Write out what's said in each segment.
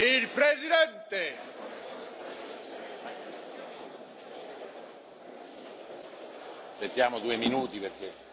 Il Presidente! Aspettiamo due minuti perché.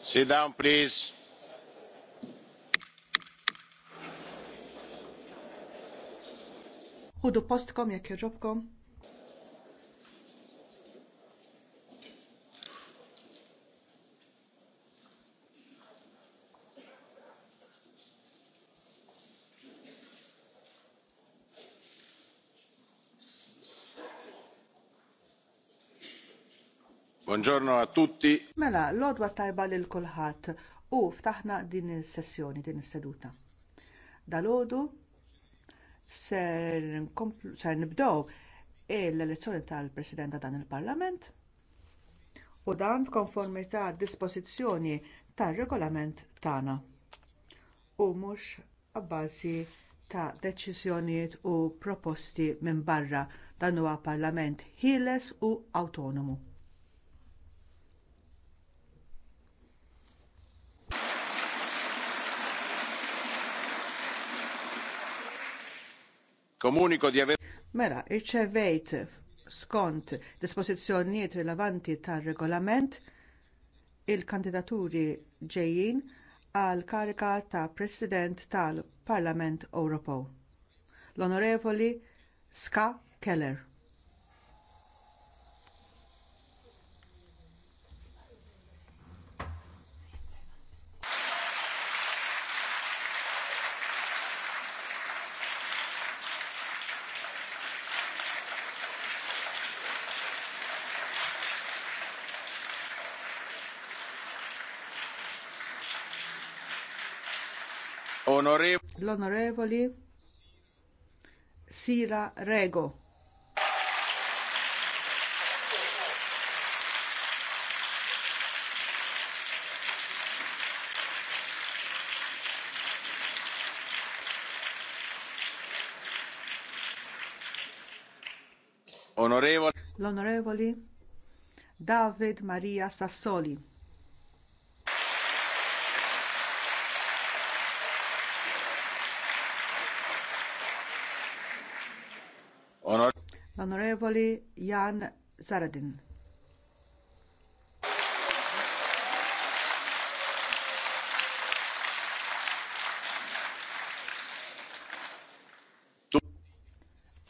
Sit down, please. Hudu postkom jekk joġobkom. Buongiorno a tutti. Mela, l-odwa tajba lil kulħadd u ftaħna din is-sessjoni, din is-seduta. Dalodu ser, ser nibdew l-elezzjoni tal-President dan il-Parlament u dan f'konformità dispożizzjoni tar-regolament tagħna u mhux abbażi ta' deċiżjonijiet u proposti minn barra dan huwa parlament ħieles u autonomu. Komuniko di aver... Mela, irċevejt skont dispożizzjonijiet rilevanti tar-regolament il-kandidaturi ġejjin għal karika ta' President tal-Parlament Ewropew. L-Onorevoli Ska Keller. L-Onorevoli Sira Rego. Onorevoli. L-Onorevoli David Maria Sassoli. l-Onorevoli Jan Zaradin.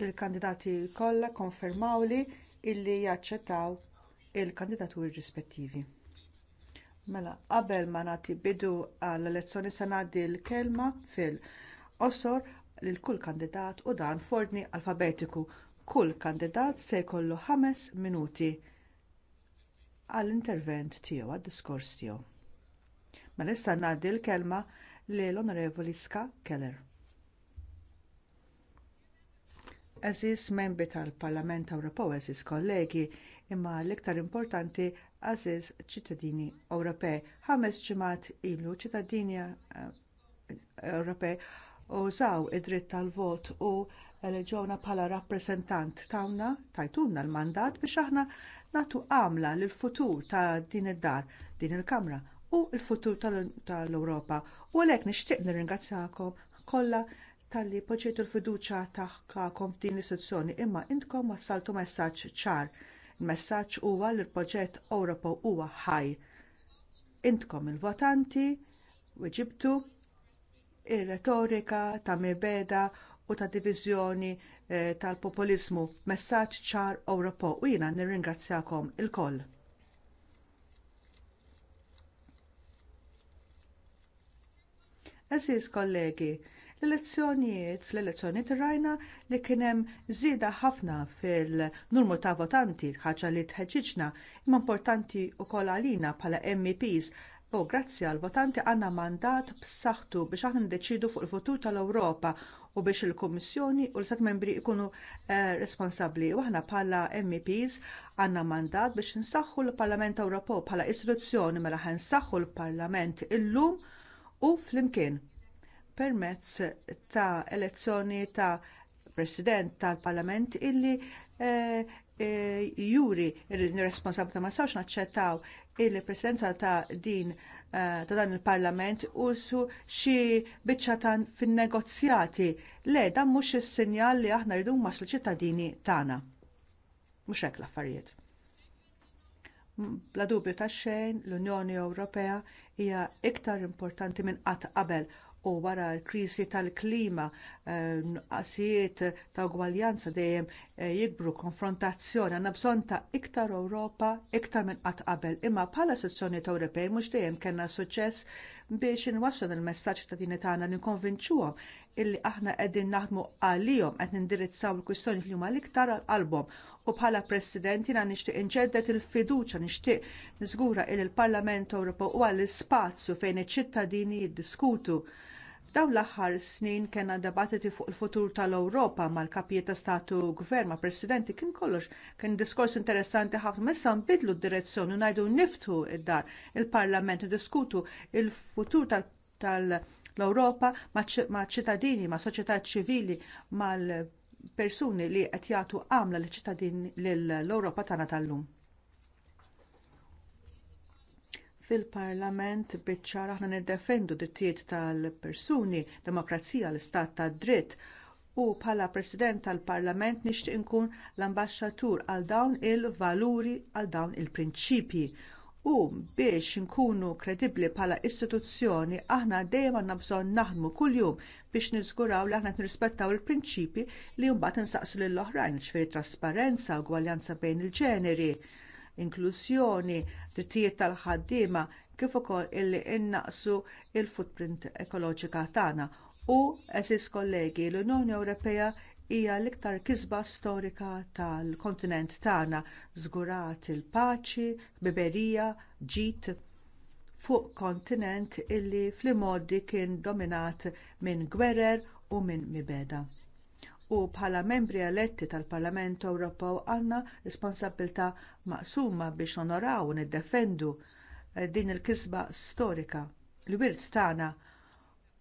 il-kandidati kollha li illi jaċċettaw il-kandidaturi rispettivi. Mela, qabel ma nagħti bidu għall-elezzjoni se ngħaddi l-kelma fil-qosor lil kull kandidat u dan f'ordni alfabetiku kull kandidat se jkollu ħames minuti għall-intervent tiegħu għad-diskors tiegħu. Mela issa ngħaddi l-kelma lill onorevoli Ska Keller. Eżis membri tal-Parlament Ewropew eżis kollegi imma l-iktar importanti għażiż ċittadini Ewropej. Ħames ġimgħat ilu ċittadini eh, Ewropej użaw id-dritt tal-vot u eleġewna bħala rappreżentant tagħna tajtuna l-mandat biex aħna nagħtu għamla lill futur ta' din id-dar, din il-Kamra u l-futur tal-Ewropa. U għalhekk nixtieq nirringrazzakom kollha talli poġġejtu l-fiduċja tagħkom f'din l-istituzzjoni imma intkom wassaltu messaġġ ċar. Il-messaġġ huwa li l-proġett Ewropew huwa ħaj. Intkom il-votanti, weġibtu ir-retorika ta' mibeda u ta' diviżjoni eh, tal-populiżmu messaġġ ċar Ewropo. u jiena nirringrazzjakom ilkoll. Eżis kollegi, l-elezzjonijiet fl-elezzjonijiet rajna li kien hemm żieda ħafna fil-numru ta' votanti ħaġa li tħeġġiġna imma importanti wkoll għalina bħala MEPs u grazzi għall votanti għandna mandat b'saħħtu biex aħna ndeċidu fuq il-futur tal-Ewropa u biex il-Kummissjoni u l-Stat membri jkunu eh, responsabbli. U aħna bħala MEPs għandna mandat biex insaħħu l-Parlament Ewropew bħala istituzzjoni mela ħansaħħu l-Parlament illum u flimkien permezz ta' elezzjoni ta' President tal-Parlament illi eh, eh, juri r-responsabilità ma sawx naċċettaw il-presidenza ta' din Eh, ta' dan il-Parlament usu xi biċċa ta' fin-negozjati. Le, dan mhux is-sinjal li aħna rridu maslu ċittadini tagħna. Mhux hekk l-affarijiet. Bla dubju ta' xejn, l-Unjoni Ewropea hija iktar importanti minn qatt qabel u wara l-kriżi tal-klima, eh, nuqqasijiet ta' ugwaljanza dejjem Eh, jikbru konfrontazzjoni għandna bżonn ta' iktar Ewropa iktar minn qatt qabel imma bħala sezzjoni Ewropej mhux dejjem kellna suċċess biex inwasslu il-messaġġ ta' din tagħna nikkonvinċuhom illi aħna qegħdin naħdmu għalihom qed nindirizzaw il-kwistjoni li huma l-iktar għall-qalbhom u bħala President jiena nixtieq inġeddet il-fiduċja nixtieq niżgura li parlament Ewropew huwa l-ispazju fejn iċ-ċittadini jiddiskutu Dawn l-aħħar snin kena debattiti fuq il-futur tal-Ewropa mal-kapijiet ta' statu gvern ma' presidenti kien kollox kien diskors interessanti ħafna messa nbidlu d-direzzjoni ngħidu niftu id-dar il-Parlament diskutu l futur tal-Ewropa ma' ċittadini, ma' soċjetà ċivili, mal persuni li qed jagħtu għamla lill ċittadini l-Ewropa tagħna tal-lum. fil-parlament biċċa aħna niddefendu drittijiet tal-persuni, demokrazija, l-istat tad dritt u bħala president tal-parlament nixtieq inkun l-ambaxxatur għal dawn il-valuri għal dawn il-prinċipji. U biex inkunu kredibbli bħala istituzzjoni aħna dejjem għandna bżonn naħdmu kuljum biex niżguraw li aħna nirrispettaw il-prinċipji li mbagħad insaqsu lill oħrajn ċfej trasparenza, gwaljanza bejn il-ġeneri inklużjoni, drittijiet tal-ħaddiema, kif ukoll illi innaqsu l il footprint ekoloġika tagħna. U eżis kollegi, l-Unjoni Ewropea hija l-iktar kisba storika tal-kontinent tagħna żgurat il-paċi, biberija, ġid fuq kontinent illi fl-modi kien dominat minn gwerer u minn mibeda u bħala membri eletti tal-Parlament Ewropew għandna responsabilità maqsuma biex onoraw u niddefendu eh, din il-kisba storika l-wirt tagħna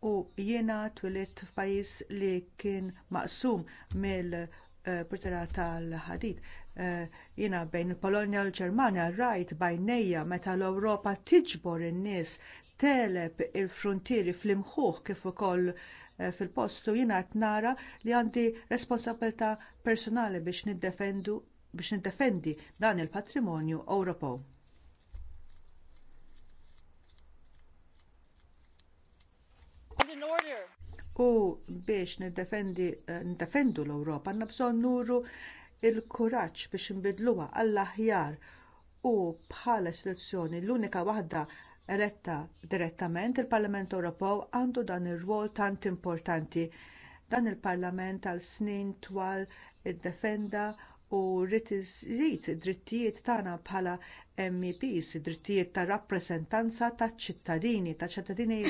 u jiena twilit f'pajjiż li kien maqsum mill eh, pritera tal-ħadid. Eh, jiena bejn il-Polonja u l-Ġermanja rajt bajnejja meta l-Ewropa tiġbor in-nies teleb il-frontieri fl-imħuħ kif ukoll Eh, fil-postu jiena qed nara li għandi responsabilità personali biex niddefendu biex niddefendi dan il-patrimonju Ewropew. U biex niddefendi eh, niddefendu l-Ewropa għandna bżonn nuru l kuraġġ biex inbidluha għall-aħjar u bħala istituzzjoni l-unika waħda eletta direttament il-Parlament Ewropew għandu dan ir-rwol tant importanti. Dan il-Parlament għal snin twal iddefenda u rrid iżid id-drittijiet tagħna bħala MEPs, id-drittijiet ta' rappreżentanza taċ ċittadini, ta' ċittadini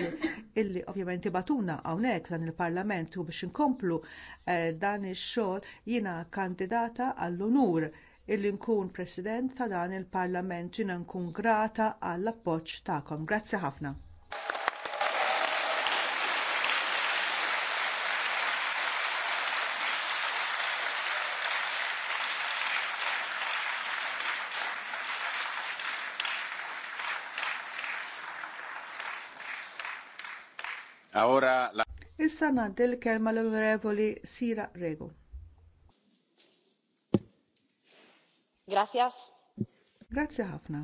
illi ovvjament batuna hawnhekk dan il-Parlament u biex inkomplu eh, dan ix-xogħol jiena kandidata għall-unur illi nkun President ta' dan il-Parlament jiena nkun grata għall appoġġ tagħkom. Grazzi ħafna. Issa ngħaddi l-kelma l-Onorevoli Sira Rego. Gracias. Grazzi ħafna.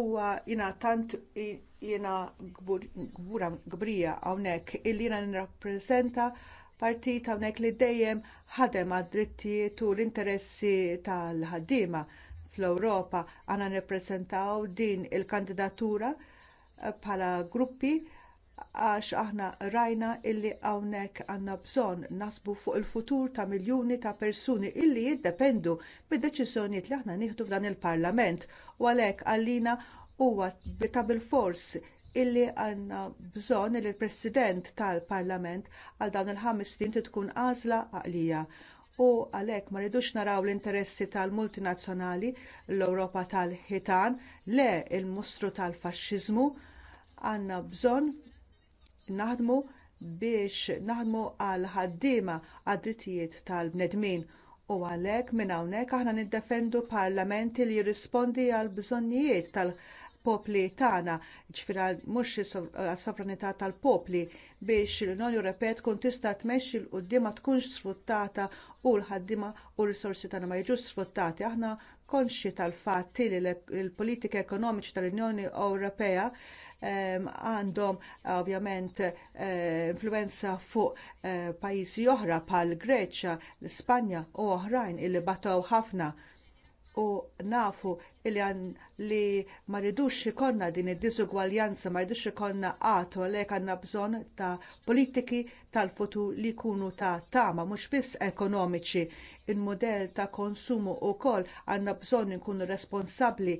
Uwa jina tant jina gbura gbrija hawnhekk il jina nirrappreżenta partit hawnhekk li dejjem ħadem għad-drittijiet u l-interessi tal ħaddima fl-Ewropa għana nirrappreżentaw din il-kandidatura bħala gruppi għax aħna rajna illi hawnhekk għandna bżonn naħsbu fuq il-futur ta' miljuni ta' persuni illi jiddependu mid-deċiżjonijiet li aħna nieħdu f'dan il-Parlament u għalhekk għalina huwa ta' bilfors illi għandna bżonn li l-President tal-Parlament għal dawn il-ħames snin tkun għażla għaqlija u għalhekk ma rridux naraw l-interessi tal-multinazzjonali l-Ewropa tal-ħitan le l-mustru tal-faxxiżmu għandna bżonn naħdmu biex naħdmu għal ħaddiema għad-drittijiet tal-bnedmin u għalhekk minn hawnhekk aħna niddefendu parlamenti li jirrispondi għal bżonnijiet tal-popli tagħna, ġifieri mhux sovranità tal-popli biex l-Unjoni Ewropea tkun tista' tmexxi l quddiem ma tkunx sfruttata u l-ħaddiema u r-risorsi tagħna ma jiġux sfruttati. Aħna konxi tal-fatt li l-politika ekonomiċi tal-Unjoni Ewropea għandhom ovvjament eh, influwenza fuq eh, pajjiżi oħra bħal Greċja, l-Ispanja u oħrajn illi bataw ħafna u nafu li ma rridux ikollna din id-disugwaljanza, ma rridux ikollna għat u għalhekk għandna bżonn ta' politiki tal-futur li jkunu ta' tama, mhux biss ekonomiċi. il mudell ta' konsumu wkoll għandna bżonn nkunu responsabbli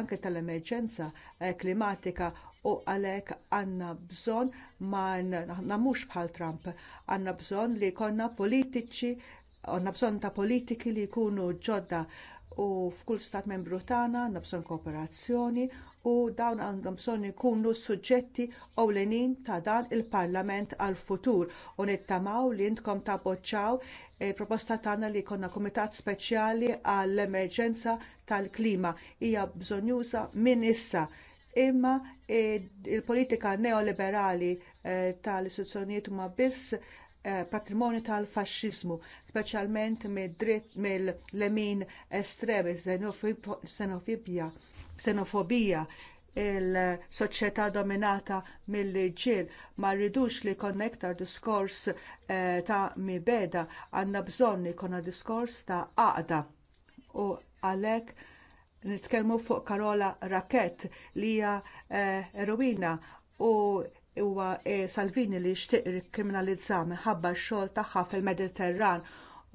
anke tal-emerġenza eh, klimatika u għalhekk għandna bżonn ma nagħmux bħal Trump, għandna bżonn li jkollna politiċi, għandna bżonn ta' politiki li jkunu ġodda u f'kull stat membru tagħna għandna bżonn kooperazzjoni u dawn għandhom bżonn ikunu suġġetti ewlenin ta' dan il-Parlament għall futur u nittamaw li intkom boċċaw il-proposta eh, tagħna li jkollna kumitat speċjali għall-emerġenza tal-klima hija bżonjuża minn issa imma eh, il-politika neoliberali eh, tal-istituzzjonijiet huma biss patrimonju tal-fasċiżmu, speċjalment mill-lemin estremi xenofobja xenofobija il-soċjetà dominata mill-ġil ma rridux li jkollna iktar diskors eh, ta' mibeda għandna bżonn jkollna diskors ta' għaqda u għalhekk nitkellmu fuq Karola Raket li hija eh, eroina u huwa eh, Salvini li jixtieq kriminalizza minħabba x-xogħol tagħha fil-Mediterran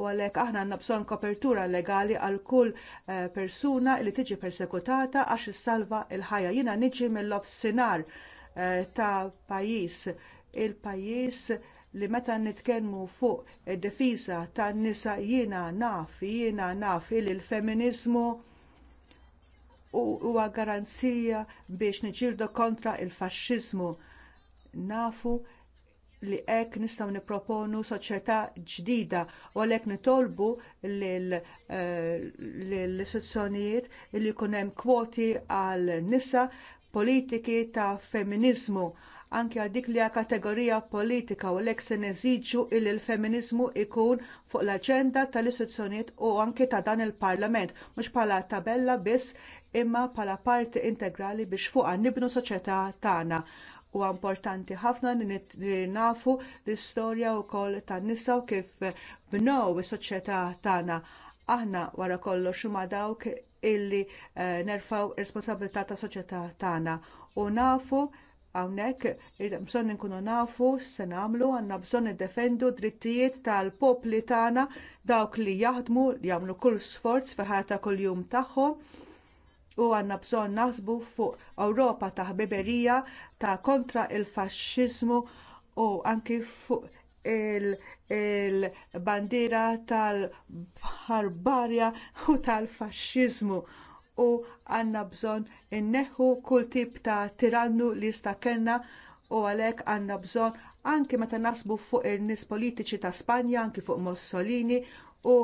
u għalhekk aħna għandna bżonn kopertura legali għal kull eh, persuna li tiġi persekutata għax issalva l ħajja Jiena niġi mill-offsinar eh, ta' pajjiż il-pajjiż li meta nitkellmu fuq id-difiża tan-nisa jiena naf jiena naf li l-feminiżmu huwa garanzija biex niġġieldu kontra l-faxxiżmu nafu li hekk nistgħu nipproponu soċjetà ġdida u għalhekk nitolbu lill-istituzzjonijiet eh, li jkun hemm kwoti għal nisa politiki ta' feminiżmu anke għal dik li hija kategorija politika u lek se neżiġu il feminiżmu jkun fuq l-aġenda tal-istituzzjonijiet u anke ta' dan il-Parlament, mhux bħala tabella biss imma bħala parti integrali biex fuqha nibnu soċjetà tagħna. Huwa importanti ħafna li nafu l-istorja wkoll tan-nisa u kif bnew is-soċjetà tagħna. Aħna wara kollox huma dawk illi eh, nerfaw responsabilità tas soċjetà tagħna u nafu hawnhekk bżonn inkunu nafu se nagħmlu għandna bżonn niddefendu drittijiet tal-popli tagħna dawk li jaħdmu li jagħmlu kull sforz fi ħajja ta' kuljum tagħhom u għandna bżonn naħsbu fuq Ewropa ta' ħbiberija ta' kontra il-faxxiżmu u anki fuq il-bandiera il tal-barbarja u tal-faxxiżmu u għandna bżonn inneħħu kull tip ta' tirannu li jista' kellna u għalhekk għandna bżonn anke meta naħsbu fuq in-nies politiċi ta' Spanja, anki fuq Mussolini u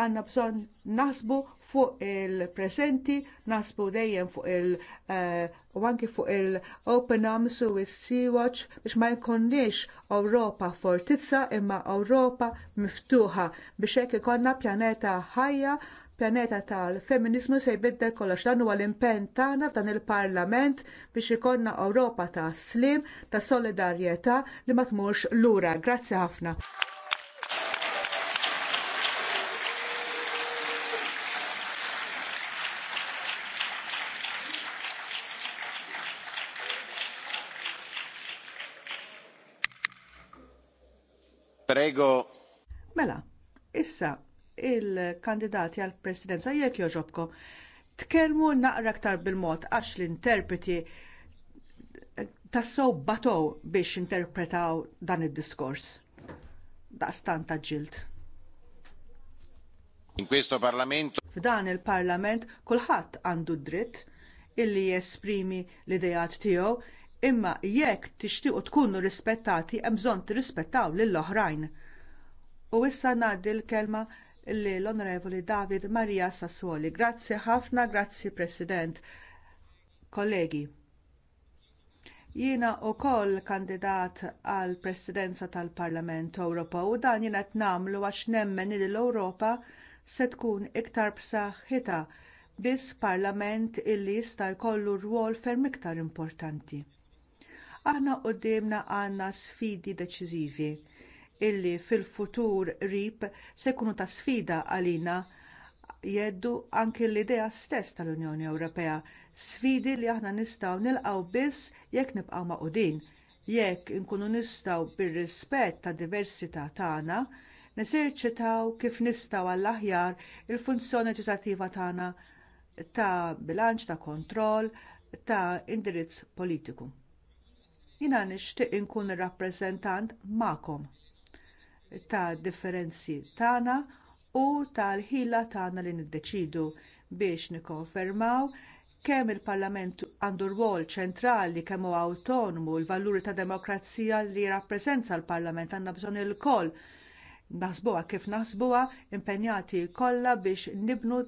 għanna bżonn naħsbu fuq il-presenti, naħsbu dejjem fuq il- eh, u anki fuq il-Open Arms u il-Sea-Watch biex ma jkunniex Ewropa fortizza imma Ewropa miftuħa biex hekk ikollna pjaneta ħajja pjaneta tal-feminizmu se jbiddel kollox dan huwa l-impenn tagħna f'dan il-Parlament biex ikollna Ewropa ta' slim, ta' solidarjetà li ma tmurx lura. Grazzi ħafna. Prego. Mela, issa il-kandidati għall presidenza jek jogħġobkom. Tkellmu naqra aktar bil-mod għax l-interpreti eh, tassew batow biex interpretaw dan id-diskors. Daqstan ta' ġilt. In questo Parlamento. F'dan il-Parlament kulħadd għandu d dritt illi jesprimi l-idejat tiegħu imma jekk tixtiequ tkunu rispettati hemm bżonn tirrispettaw lill-oħrajn. U issa ngħaddi l-kelma lill-Onorevoli David Marija Sassoli. Grazzi ħafna, grazzi President. Kollegi, jiena wkoll kandidat għall presidenza tal-Parlament Ewropew u dan jien qed nagħmlu għax nemmen li l-Ewropa se tkun iktar b'saħħitha biss parlament illi jista' jkollu rwol ferm iktar importanti. Aħna qudiemna għandna sfidi deċiżivi illi fil-futur qrib se jkunu ta' sfida għalina jeddu anki l-idea stess tal-Unjoni Ewropea, sfidi li aħna nistgħu nilqgħu biss jekk nibqgħu maqudin, jekk inkunu nistgħu bir-rispett tad diversità tagħna neserċitaw kif nistgħu għall-aħjar il-funzjoni leġislattiva tagħna ta' bilanċ, ta' kontroll, ta' indirizz politiku. Jiena nixtieq inkun rappreżentant magħkom ta' differenzi tagħna u tal-ħila tagħna li niddeċidu biex nikkonfermaw kemm il-Parlament għandu rwol ċentrali kemm huwa awtonomu l-valuri ta' demokrazija li jirrappreżenta l-Parlament għandna bżonn ilkoll naħsbuha kif naħsbuha impenjati kollha biex nibnu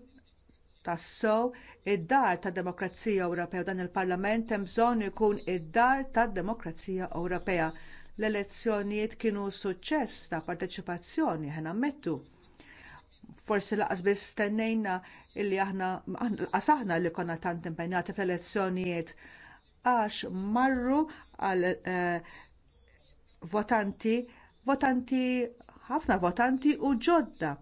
tassow id-dar tad demokrazija Ewropea dan il-Parlament hemm bżonn ikun id-dar tad demokrazija Ewropea. L-elezzjonijiet kienu suċċess ta' parteċipazzjoni ħena mettu. Forsi laqas biss stennejna illi aħna laqas aħna li konna tant impenjati fl-elezzjonijiet għax marru għal eh, votanti, votanti ħafna votanti u ġodda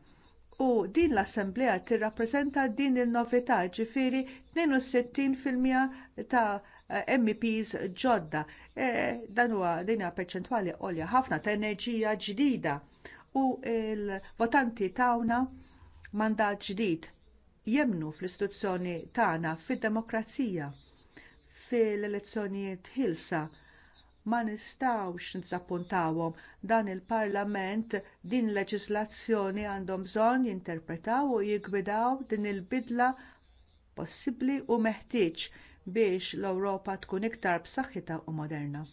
u din l-Assemblea tirrappreżenta din il-novità ġifiri 62% ta' MEPs ġodda. E, dan huwa din perċentwali għolja ħafna ta' enerġija ġdida u l-votanti tagħna mandat ġdid jemnu fl-istituzzjoni tagħna fid-demokrazija fil-elezzjonijiet ħilsa ma nistgħux nizappuntawhom dan il-Parlament din il leġiżlazzjoni għandhom bżonn jinterpretaw u jiggwidaw din il-bidla possibbli u meħtieġ biex l-Ewropa tkun iktar b'saħħitha u moderna.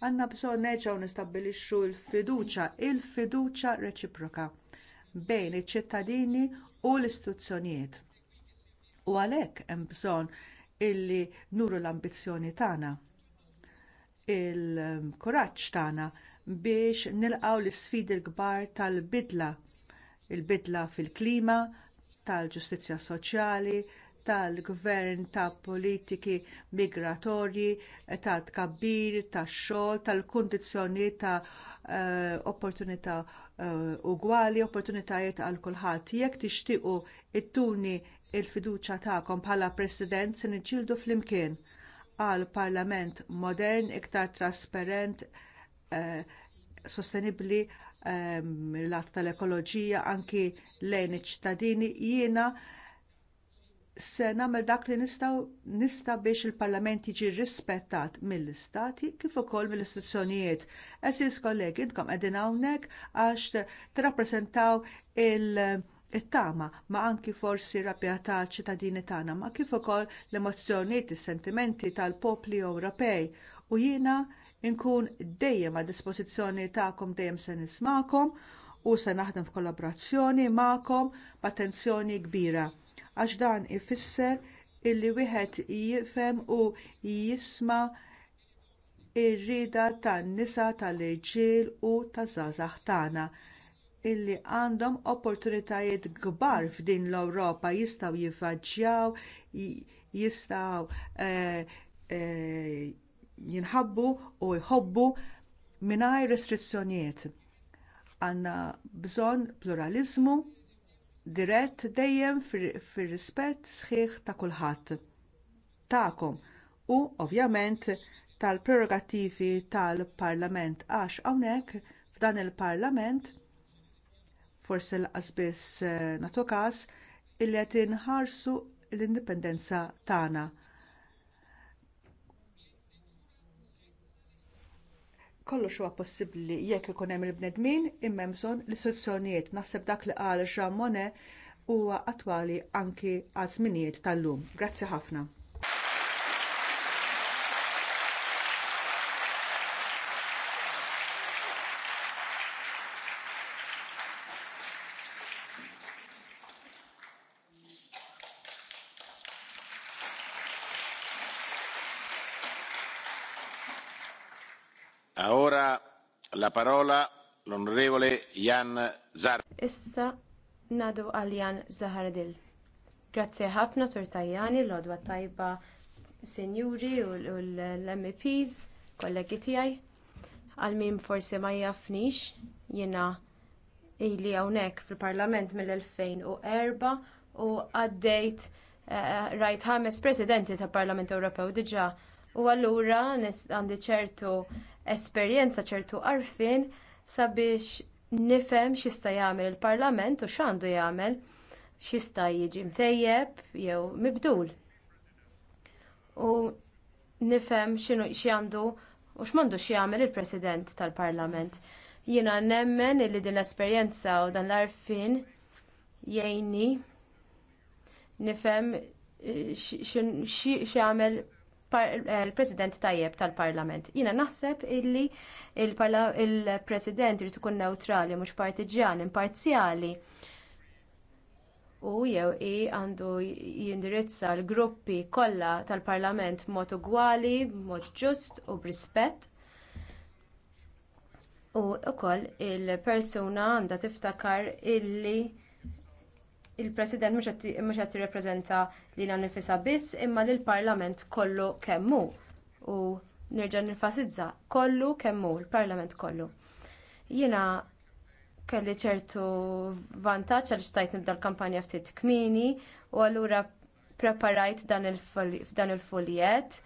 Għandna bżonn nerġgħu nistabbilixxu l-fiduċja, il-fiduċja reċiproka bejn iċ-ċittadini u l-istituzzjonijiet. U għalhekk hemm bżonn illi nuru l-ambizzjoni tagħna il-kuraġġ tagħna biex nilqgħu l-isfidi l-kbar tal-bidla. Il-bidla fil-klima, tal-ġustizzja soċjali, tal-gvern, ta' politiki migratorji, ta' tkabbir, tax xogħol, tal-kundizzjonijiet ta' eh, opportunità eh, ugwali, opportunitajiet għal kulħadd. Jekk tixtiequ ittuni l fiduċja tagħkom bħala President se niġġieldu flimkien għal parlament modern, iktar trasparent, eh, sostenibbli eh, mill-lat tal-ekoloġija anki lejn iċ-ċittadini jiena se nagħmel dak li nistgħu nista' biex il-Parlament jiġi rrispettat mill-istati kif ukoll mill-istituzzjonijiet. Eżis kollegi, intkom qegħdin hawnhekk għax tirrappreżentaw il- it-tama ma anki forsi rabja taċ ċittadini tagħna ma kif ukoll l-emozzjonijiet is-sentimenti tal-popli Ewropej u jiena nkun dejjem għad dispożizzjoni tagħkom dejjem se nismakom u se naħdem f'kollaborazzjoni magħkom b'attenzjoni kbira għax dan ifisser illi wieħed jifhem u jisma' r rieda tan-nisa tal-irġiel u taż-żgħażagħ tagħna illi għandhom opportunitajiet kbar f'din l-Ewropa jistgħu jivvaġġjaw, jistgħu eh, eh, jinħabbu u jħobbu mingħajr restrizzjonijiet. Għandna bżonn pluraliżmu dirett dejjem fir-rispett sħiħ ta' kulħadd tagħkom u ovvjament tal-prerogattivi tal-Parlament għax hawnhekk f'dan il-Parlament forsi laqas biss eh, nagħtu każ illi qed inħarsu l-indipendenza tagħna. kollox huwa possibbli jekk ikun hemm il-bnedmin imma bżonn l-istituzzjonijiet naħseb dak li qal Jean Monnet huwa attwali anki għal żminijiet tal-lum. Grazzi ħafna. la parola l-Onorevole Jan Issa nadu għal Jan Zahardil. Grazie ħafna sur Tajani, l-odwa tajba senjuri u l-MEPs, kollegi tijaj. Għal min forsi ma jafnix, jena ili għawnek fil-parlament mill-2004 u għaddejt eh, rajt ħames presidenti tal-Parlament Ewropew diġa u allura għandi ċertu esperjenza ċertu għarfien sabiex nifhem x'jista' jagħmel il-Parlament u x'għandu jagħmel x'jista' jiġi mtejjeb jew mibdul. U nifhem x'inhu x'għandu u x'm'għandux jagħmel il-President tal-Parlament. Jiena nemmen li din l-esperjenza u dan l-għarfien jgħinni nifhem x'għamel il-President eh, tajjeb tal-Parlament. Jiena naħseb illi il-President irid ikun neutrali mhux partiġjan, imparzjali. U jew i għandu jindirizza l-gruppi kollha tal-Parlament b'mod ugwali, b'mod ġust u b'rispett. U ukoll il-persuna għandha tiftakar illi il-President mhux qed tirrepreżenta lilha nifisha biss imma l parlament kollu kemm hu. U nerġa' nifasizza kollu kemm hu l parlament kollu. Jiena kelli ċertu vantaġġ għal stajt nibda l-kampanja ftit kmieni u allura ppreparajt dan il-foljet.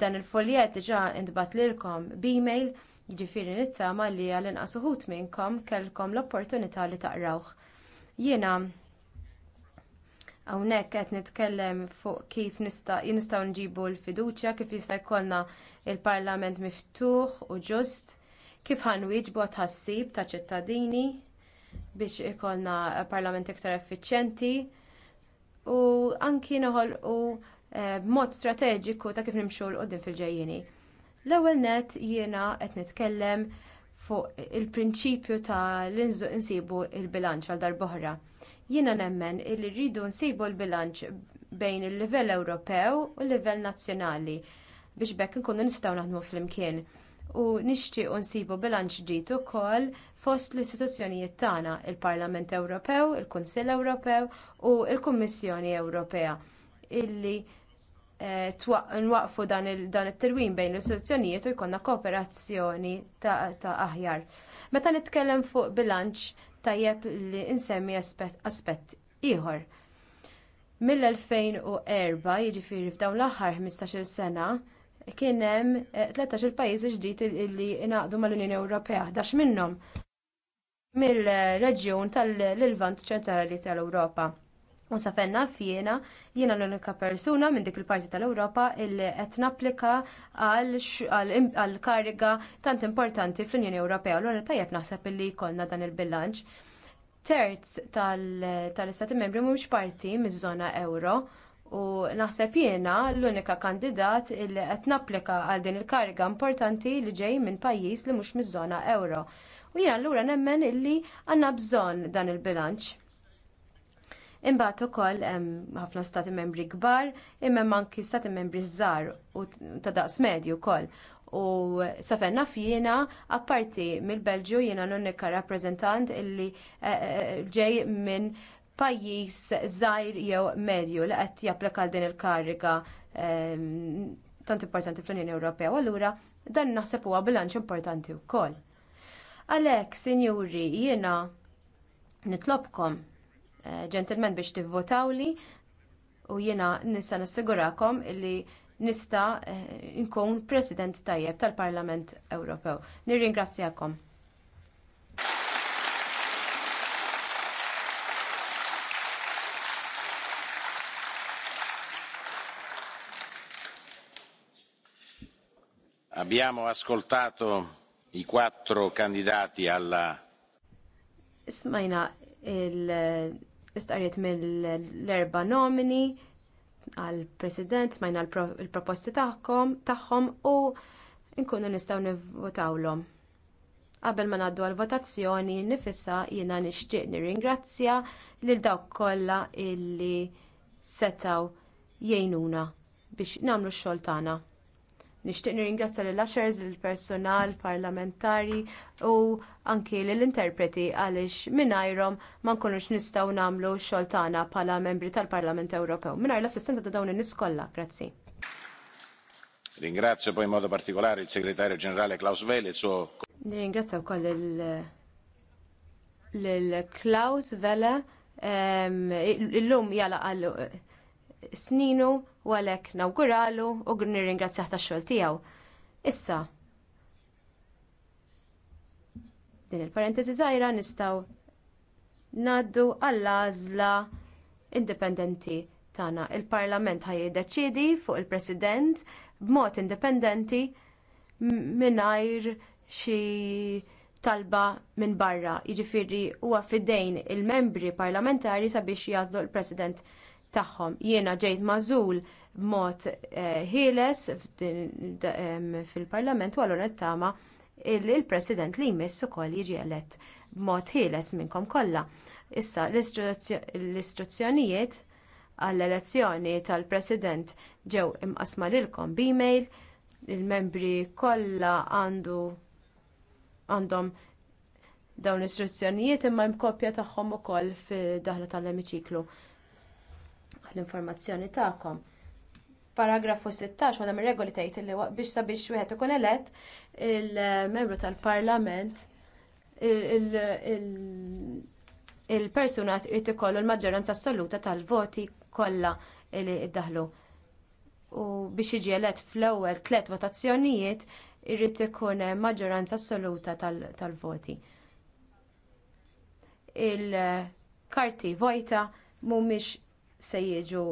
Dan il-foljet eh, diġà intbat lilkom b'email jiġifieri nittama li għal inqas uħud minnkom kellkom l-opportunità li taqrawh. Jiena Hawnhekk qed nitkellem fuq kif nistgħu nġibu l-fiduċja, kif jista' jkollna l parlament miftuħ u ġust, kif ħanwieġbu tħassib ta' ċittadini biex ikollna parlament iktar effiċjenti u anki noħolqu eh, b'mod strateġiku ta' kif nimxu l quddiem fil-ġejjini. L-ewwel nett jiena qed nitkellem fuq il-prinċipju ta' l-insibu l bilanċ għal darb'oħra. Jiena nemmen li rridu nsibu l-bilanċ bejn il-livell Ewropew u l-livell nazzjonali biex bekk inkunu nistgħu naħdmu flimkien u nixtiequ nsibu bilanċ ġdid ukoll fost l-istituzzjonijiet tagħna il-Parlament Ewropew, il-Kunsill Ewropew u l-Kummissjoni Ewropea illi eh, nwaqfu dan it-tirwim bejn l-istituzzjonijiet u jkollna kooperazzjoni ta aħjar. Meta nitkellem fuq bilanċ tajjeb li insemmi aspett ieħor. Mill-2004, jiġifieri f'dawn l-aħħar 15-il sena, kien hemm 13-il eh, pajjiż ġdid li ingħaqdu mal-Unjoni Ewropea, ħdax minnhom mill-reġjun tal-Lvant ċentrali tal-Ewropa. U safenna fjena jiena l-unika persuna minn dik il-parti tal-Ewropa illi qed napplika għal kariga tant importanti fl-Unjoni Ewropea. Allura tajjeb naħseb illi jkollna dan il-bilanċ. Terz tal-Istati Membri mhumiex parti miż-żona Ewro u naħseb jiena l-unika kandidat illi qed napplika għal din il-kariga importanti li ġej minn pajjiż li mhux miż-żona Ewro. U jiena allura nemmen illi għandna bżonn dan il-bilanċ Imbagħad ukoll hemm ħafna stati membri kbar, imma anki stati membri żgħar u ta' daqs medju wkoll. U naf jiena apparti mill-Belġju jiena l-unika rappreżentant illi eh, eh, ġej minn pajjiż żgħir jew medju li qed japplika din il-kariga tant importanti fl-Unjoni Ewropea. U allura dan naħseb huwa bilanċ importanti wkoll. Għalhekk, sinjuri, jiena nitlobkom Eh, ġentilmen biex tivvotaw li u jiena nista' nassigurakom li nista' eh, nkun President tajjeb tal-Parlament Ewropew. Nirringrazzjakom. Abbiamo ascoltato i quattro candidati alla il istqarriet mill-erba nomini għall president smajna l-proposti tagħhom u nkunu nistgħu nivvotawlhom. Qabel ma naddu għal votazzjoni nifissa jiena nixtieq nirringrazzja lil dawk kollha illi setaw jgħinuna biex nagħmlu x-xogħol tagħna. Nixtieq nirringrazzja lil lashers il-personal parlamentari u anki lill-interpreti għaliex mingħajrhom ma nkunux nistgħu nagħmlu x-xogħol tagħna bħala membri tal-Parlament Ewropew. Mingħajr l-assistenza ta' dawn in-nies kollha, grazzi. Ringrazzja poi in modo particolare il segretario generale Klaus Vele e suo Ringrazio wkoll il Klaus Vele ehm, illum jala għal sninu u għalhekk nawguralu u nirringrazzjah tax-xogħol tiegħu. Issa din il-parentesi żgħira nistgħu ngħaddu għall-għażla indipendenti tagħna. Il-Parlament ħaj jiddeċiedi fuq il-President b'mod indipendenti mingħajr xi talba minn barra, jiġifieri huwa fidejn il-membri parlamentari sabiex jgħażlu l-President tagħhom. Jiena ġejt mażul b'mod eh, ħieles fil-Parlament u allura nittama il-President li jmiss ukoll jiġi elett b'mod ħieles minnkom kollha. Issa l-istruzzjonijiet għall-elezzjoni tal-President ġew imqasma lilkom b'email, il-membri kollha għandhom dawn l-istruzzjonijiet imma hemm kopja tagħhom ukoll fid-daħla tal-emiċiklu l-informazzjoni tagħkom. Paragrafu 16 waħda ir regoli tgħid li biex sabiex wieħed ikun elett il-membru tal-Parlament il-persuna trid ikollu l-maġġoranza assoluta tal-voti kollha li iddaħlu. U biex jiġi elett fl-ewwel tliet votazzjonijiet irrid ikun hemm maġġoranza assoluta tal-voti. il-karti vojta mhumiex se jiġu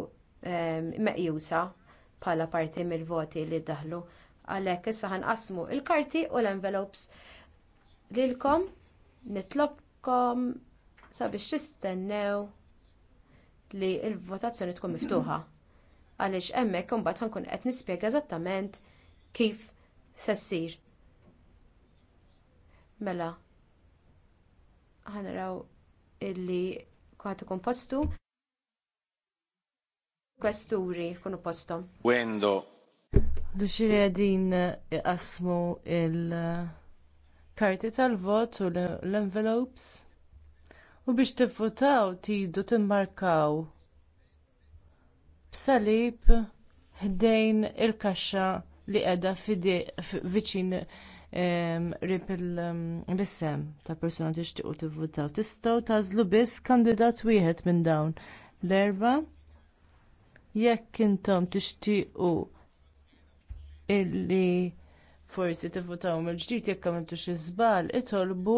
ehm, meqjusa bħala parti mill-voti li ddaħlu għalhekk issa ħanqasmu l karti u l-envelopes lilkom nitlobkom sabiex tistennew li l-votazzjoni tkun miftuħa għaliex hemmhekk imbagħad ħankun qed nispjega eżattament kif se ssir. Mela ħanaraw illi kwaħt postu kwesturi kunu postom. Wendo. Luxiri għedin jqasmu il-karti tal-vot u l-envelopes u biex tivvotaw tidu timmarkaw b'salib ħdejn il-kaxxa li qiegħda viċin ehm, rib l-isem ta' persuna tixtiequ tivvutaw. Tistgħu tażlu biss kandidat wieħed minn dawn l-erba' jekk intom tixtiequ illi forsi tivvutaw mill-ġdid jekk għamiltu xi żball itolbu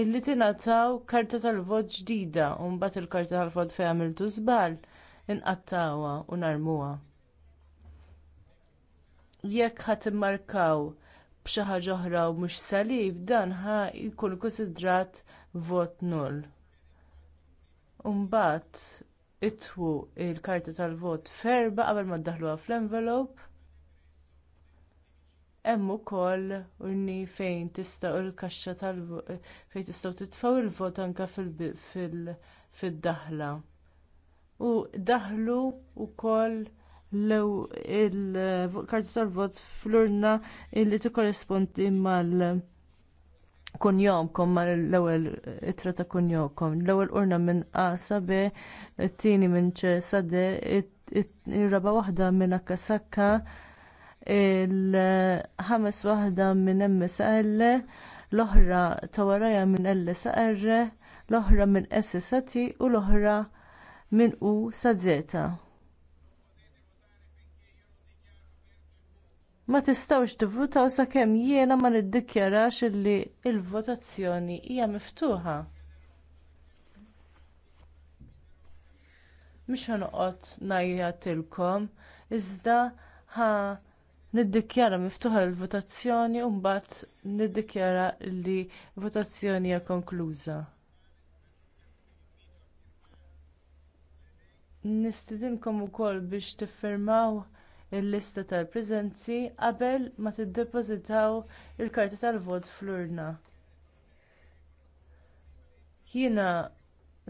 illi tingħataw karta tal-vot ġdida u mbagħad il-karta tal-vot fejn għamiltu żball inqattawha u narmuha. Jekk ħadd immarkaw b'xi ħaġa oħra u mhux salib dan ħa jkun ikkunsidrat vot null itwu l karti tal-vot ferba qabel ma ddaħluha fl-envelop. Hemm ukoll urni fejn tistgħu l-kaxxa tal eh, fejn tistgħu titfgħu il-vot anke fid-daħla. U daħlu wkoll il-karti tal-vot fl-urna li tikkorrespondi mal- kunjomkom ma l-ewwel itra ta' kunjomkom. L-ewwel urna minn A sabe, it tini minn ċesade, il raba waħda minn Akasakka, il-ħames waħda minn MSL, L, ohra oħra ta' waraja minn LSR, l-oħra minn SSAT u l-oħra minn U sa Z. ma tistgħux tivvutaw sakemm jiena ma niddikjarax li l-votazzjoni hija miftuħa. Mhux ħanoqgħod ngħidilkom iżda ħa niddikjara miftuħa l-votazzjoni u mbagħad niddikjara li votazzjoni hija konkluża. Nistidinkom ukoll biex tiffirmaw il-lista tal-preżenzi qabel ma tiddepożitaw il-karti tal-vot fl-urna jiena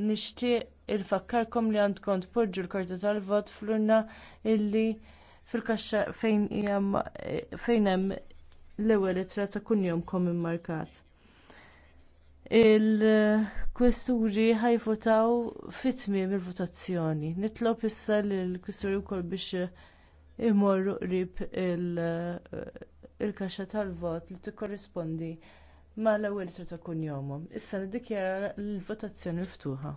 nixtieq infakkarkom li għandkom tpoġġu l-karti tal-vot fl-urna illi fil-kaxxa fejn hemm l-ewwel ittra ta' kuljum immarkat. il kwisturi ħajvotaw fit-tmiem il-votazzjoni. Nitlob issa lill-kwisturi wkoll biex imorru qrib eh, il-kaxxa tal-vot li tikkorrispondi mal-ewwel sur ta' kuljum. Issa niddikjara l-votazzjoni miftuħa.